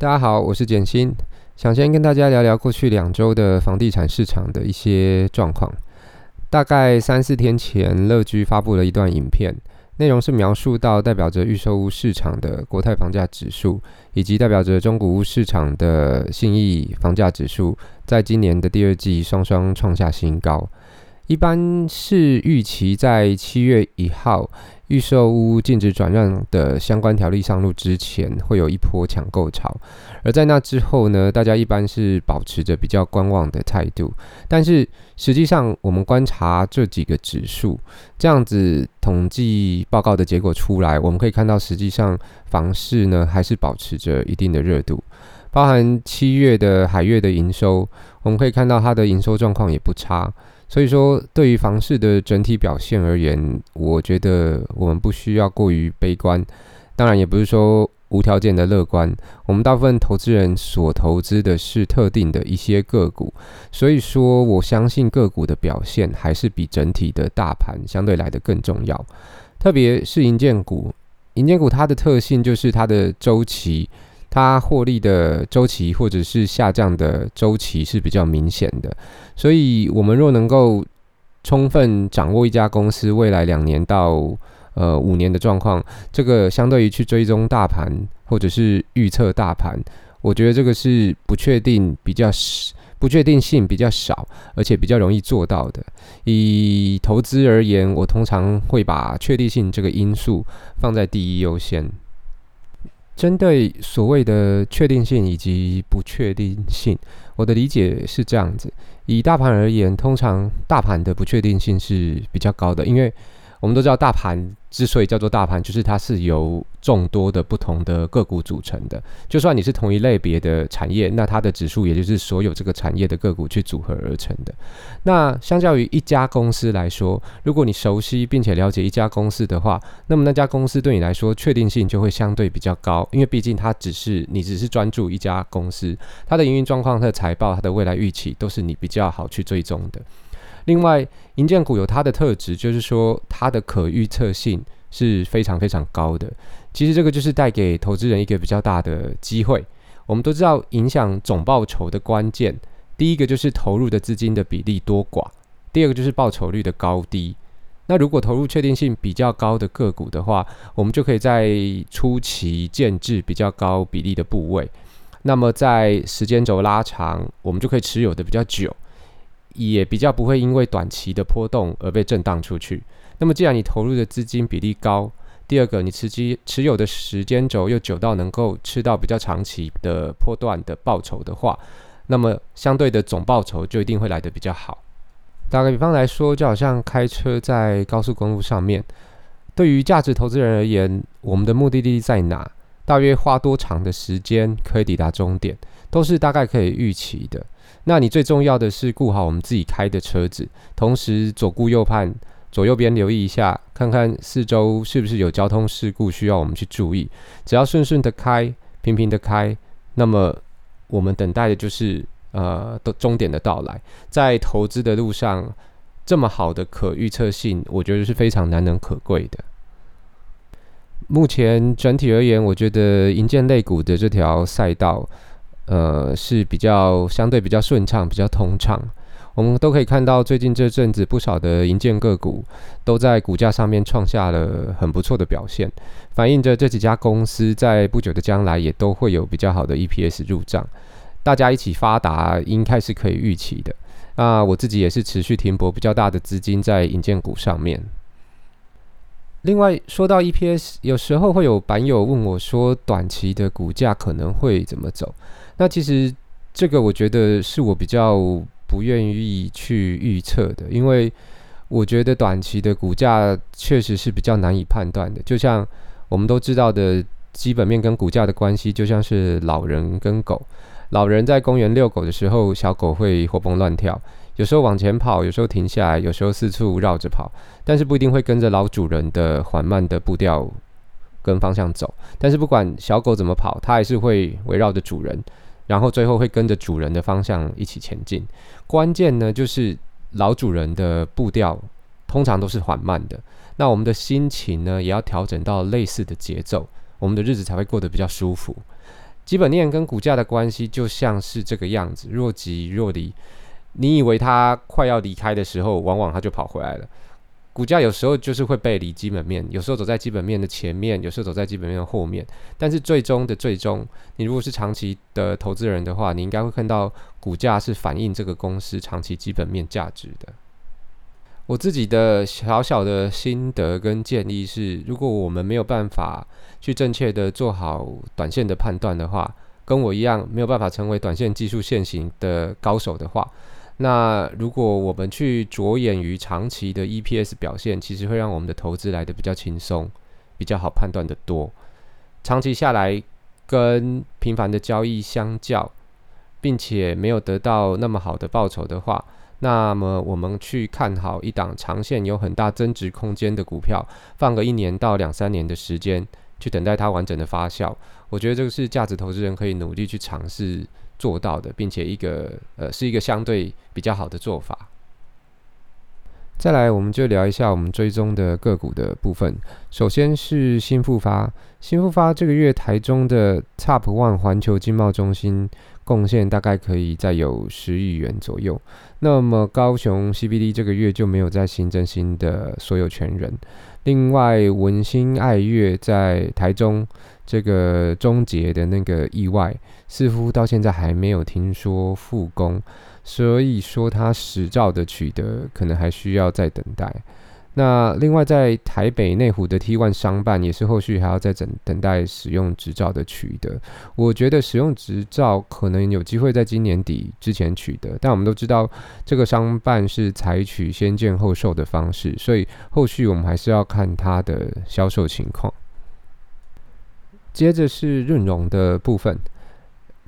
大家好，我是簡新。想先跟大家聊聊過去兩週的房地產市場的一些狀況。大概三四天前，樂居發布了一段影片，內容是描述到代表着預售屋市場的國泰房價指數，以及代表着中古屋市場的信義房價指數，在今年的第二季雙雙創下新高。一般是預期在七月一號預售屋禁止轉讓的相關條例上路之前，會有一波搶購潮；而在那之後呢，大家一般是保持着比較觀望的態度。但是實際上，我們觀察這幾個指數，這樣子統計報告的結果出來，我們可以看到，實際上房市呢還是保持着一定的熱度。包含七月的海月的營收，我們可以看到它的營收狀況也不差。所以說，對於房市的整體表現而言，我覺得我們不需要過於悲觀。當然，也不是說無條件的樂觀。我們大部分投資人所投資的是特定的一些個股，所以說我相信個股的表現還是比整體的大盤相對來得更重要。特別是營建股，營建股它的特性就是它的周期。它獲利的週期或者是下降的週期是比較明顯的，所以我們若能夠充分掌握一家公司未來兩年到呃五年的狀況，這個相對於去追蹤大盤或者是預測大盤，我覺得這個是不確定比較不確定性比較少，而且比較容易做到的。以投資而言，我通常會把確定性這個因素放在第一優先。針對所謂的確定性以及不確定性，我的理解是這樣子：以大盤而言，通常大盤的不確定性是比較高的，因為我們都知道，大盤之所以叫做大盤，就是它是由眾多的不同的個股組成的，就算你是同一類別的產業，那它的指數也就是所有這個產業的個股去組合而成的。那相較於一家公司來說，如果你熟悉並且了解一家公司的話，那麼那家公司對你來說確定性就會相對比較高，因為畢竟它只是你只是專注一家公司，它的營運狀況、它的財報、它的未來預期都是你比較好去追蹤的。另外，營建股有它的特質，就是說它的可預測性。是非常非常高的。其實這個就是帶給投資人一個比較大的機會。我們都知道，影響總報酬的關鍵，第一個就是投入的資金的比例多寡，第二個就是報酬率的高低。那如果投入確定性比較高的個股的話，我們就可以在初期建置比較高比例的部位。那麼在時間軸拉長，我們就可以持有的比較久，也比較不會因為短期的波動而被震盪出去。那麼，既然你投入的資金比例高，第二個，你持機持有的時間軸又久到能夠吃到比較長期的波段的報酬的話，那麼相對的總報酬就一定會來得比較好。打個比方來說，就好像開車在高速公路上面，對於價值投資人而言，我們的目的地在哪，大約花多長的時間可以抵達終點，都是大概可以預期的。那你最重要的是顧好我們自己開的車子，同時左顧右盼，左右邊留意一下，看看四周是不是有交通事故需要我們去注意。只要順順的開，平平的開，那麼我們等待的就是呃的終點的到來。在投資的路上，這麼好的可預測性，我覺得是非常難能可貴的。目前整體而言，我覺得營建類股的這條賽道，呃，是比較相對比較順暢，比較通暢。我們都可以看到，最近這陣子不少的營建個股都在股價上面創下了很不錯的表現，反映着這幾家公司在不久的將來也都會有比較好的 EPS 入賬，大家一起發達應該是可以預期的、啊。那我自己也是持續停泊比較大的資金在營建股上面。另外說到 EPS，有時候會有板友問我說，短期的股價可能會怎麼走？那其實這個我覺得是我比較。不願意去預測的，因為我覺得短期的股價確實是比較難以判斷的。就像我們都知道的基本面跟股價的關係，就像是老人跟狗。老人在公園遛狗的時候，小狗會活蹦亂跳，有時候往前跑，有時候停下來，有時候四處繞着跑，但是不一定會跟着老主人的緩慢的步調跟方向走。但是不管小狗怎麼跑，它還是會圍繞着主人。然後最後會跟着主人的方向一起前進，關鍵呢就是老主人的步調通常都是緩慢的，那我們的心情呢也要調整到類似的節奏，我們的日子才會過得比較舒服。基本面跟股價的關係就像是這個樣子，若即若離。你以為它快要離開的時候，往往它就跑回來了。股價有時候就是會背離基本面，有時候走在基本面的前面，有時候走在基本面的後面。但是最終的最終，你如果是長期的投資人的話，你應該會看到股價是反映這個公司長期基本面價值的。我自己的小小的心得跟建議是：如果我們沒有辦法去正確的做好短線的判斷的話，跟我一樣沒有辦法成為短線技術線型的高手的話。那如果我們去着眼於長期的 EPS 表現，其實會讓我們的投資來得比較輕鬆，比較好判斷得多。長期下來，跟頻繁的交易相較，並且沒有得到那麼好的報酬的話，那麼我們去看好一檔長線有很大增值空間的股票，放個一年到兩三年的時間，去等待它完整的發酵，我覺得這個是價值投資人可以努力去嘗試做到的，並且一個呃，是一個相對比較好的做法。再來，我們就聊一下我們追蹤的個股的部分。首先是興富發，興富發這個月台中的 Top One 環球經貿中心，貢獻大概可以再有十億元左右，那麼高雄 CBD 這個月就沒有再新增新的所有權人。另外，文心愛樂在台中這個終結的那個意外，似乎到現在還沒有聽說復工，所以說他執照的取得可能還需要再等待。那另外，在台北內湖的 T One 商辦也是後續還要再等等待使用執照的取得。我覺得使用執照可能有機會在今年底之前取得，但我們都知道這個商辦是採取先建後售的方式，所以後續我們還是要看它的銷售情況。接着是潤隆的部分。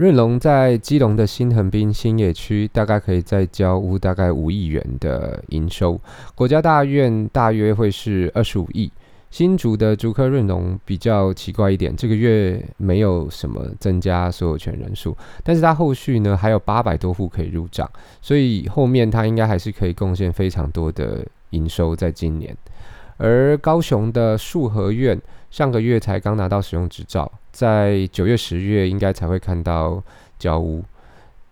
潤隆在基隆的新橫濱信義區，大概可以再交屋大概五億元的營收。國家大院大約會是二十五億。新竹的竹科潤隆比較奇怪一點，這個月沒有什麼增加所有權人數，但是它後續呢還有八百多戶可以入賬，所以後面它應該還是可以貢獻非常多的營收在今年。而高雄的樹和苑上個月才剛拿到使用執照。在九月、十月應該才會看到交屋，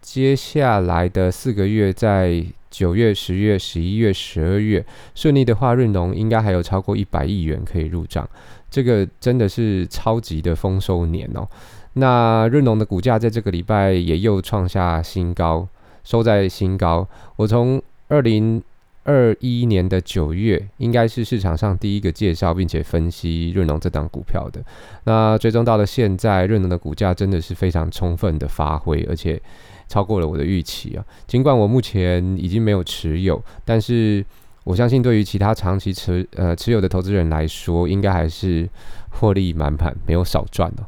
接下來的四個月，在九月、十月、十一月、十二月，順利的話，潤隆應該還有超過一百億元可以入賬，這個真的是超級的豐收年哦。那潤隆的股價在這個禮拜也又創下新高，收在新高。我從二零二一年的九月，應該是市場上第一個介紹並且分析潤隆這檔股票的。那最終到了現在，潤隆的股價真的是非常充分的發揮，而且超過了我的預期啊！儘管我目前已經沒有持有，但是我相信對於其他長期持呃持有的投資人來說，應該還是獲利滿盤，沒有少賺哦。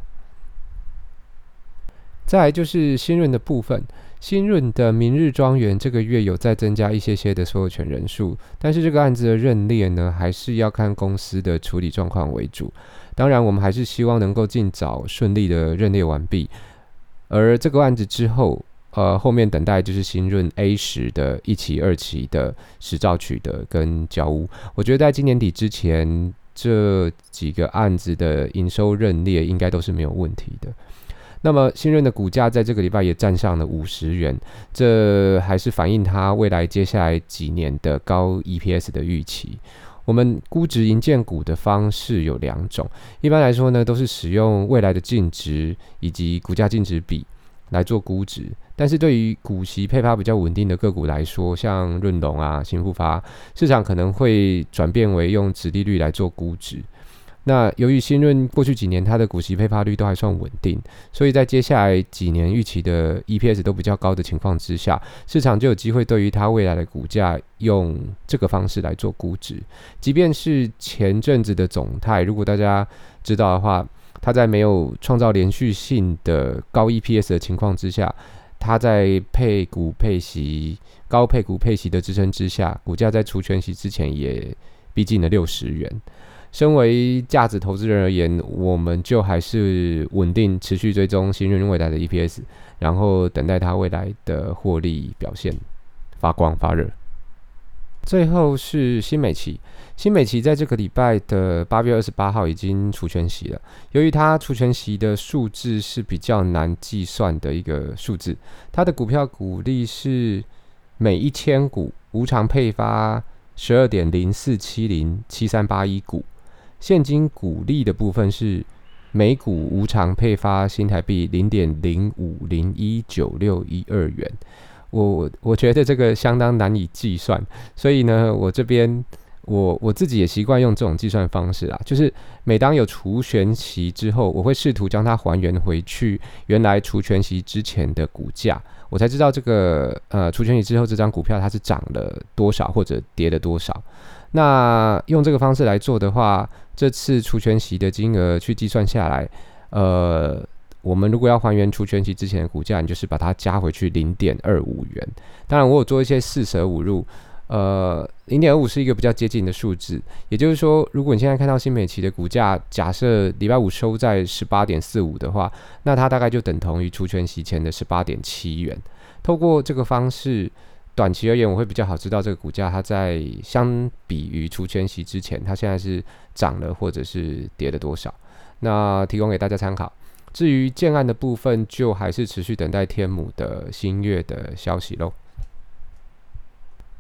再來就是新潤的部分，新潤的明日莊園這個月有再增加一些些的所有權人數，但是這個案子的認列呢，還是要看公司的處理狀況為主。當然，我們還是希望能夠儘早順利的認列完畢。而這個案子之後，呃，後面等待就是新潤 A 十的一期、二期的執照取得跟交屋，我覺得在今年底之前，這幾個案子的營收認列應該都是沒有問題的。那麼新潤的股價在這個禮拜也站上了五十元，這還是反映它未來接下來幾年的高 EPS 的預期。我們估值營建股的方式有兩種，一般來說呢都是使用未來的淨值以及股價淨值比來做估值，但是對於股息配發比較穩定的個股來說，像潤隆啊、興富發，市場可能會轉變為用殖利率來做估值。那由於新潤過去幾年它的股息配發率都還算穩定，所以在接下來幾年預期的 EPS 都比較高的情況之下，市場就有機會對於它未來的股價用這個方式來做估值。即便是前陣子的總太，如果大家知道的話，它在沒有創造連續性的高 EPS 的情況之下，它在配股配息高配股配息的支撐之下，股價在除權息之前也逼近了六十元。身為價值投資人而言，我們就還是穩定持續追蹤新潤未來的 EPS，然後等待它未來的獲利表現發光發熱。最後是新美齊，新美齊在這個禮拜的八月二十八號已經除權息了。由於它除權息的數字是比較難計算的一個數字，它的股票股利是每一千股無償配發十二點零四七零七三八一股。現金股利的部分是每股無償配發新台幣零點零五零一九六一二元，我我覺得這個相當難以計算，所以呢，我這邊我我自己也習慣用這種計算方式啊，就是每當有除權息之後，我會試圖將它還原回去原來除權息之前的股價，我才知道這個呃，除權息之後這張股票它是漲了多少或者跌了多少。那用這個方式來做的話，這次除權息的金額去計算下來，呃，我們如果要還原除權息之前的股價，你就是把它加回去零點二五元。當然，我有做一些四捨五入，呃，零點二五是一個比較接近的數字。也就是說，如果你現在看到新美齊的股價，假設禮拜五收在十八點四五的話，那它大概就等同於除權息前的十八點七元。透過這個方式。短期而言，我會比較好知道這個股價，它在相比於除權息之前，它現在是漲了或者是跌了多少。那提供給大家參考。至於建案的部分，就還是持續等待天母的新月的消息嘍。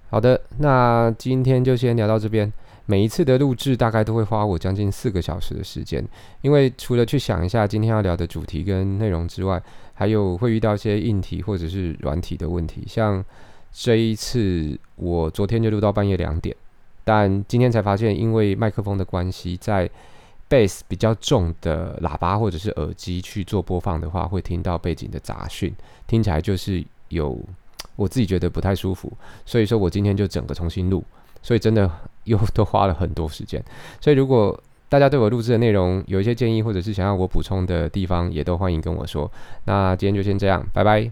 好的，那今天就先聊到這邊。每一次的錄制大概都會花我將近四個小時的時間，因為除了去想一下今天要聊的主題跟內容之外，還有會遇到一些硬體或者是軟體的問題，像。這一次我昨天就錄到半夜兩點，但今天才發現，因為麥克風的關係，在 bass 比較重的喇叭或者是耳機去做播放的話，會聽到背景的雜訊，聽起來就是有我自己覺得不太舒服，所以說我今天就整個重新錄，所以真的又都花了很多時間。所以如果大家對我錄制的內容有一些建議，或者是想要我補充的地方，也都歡迎跟我說。那今天就先這樣，拜拜。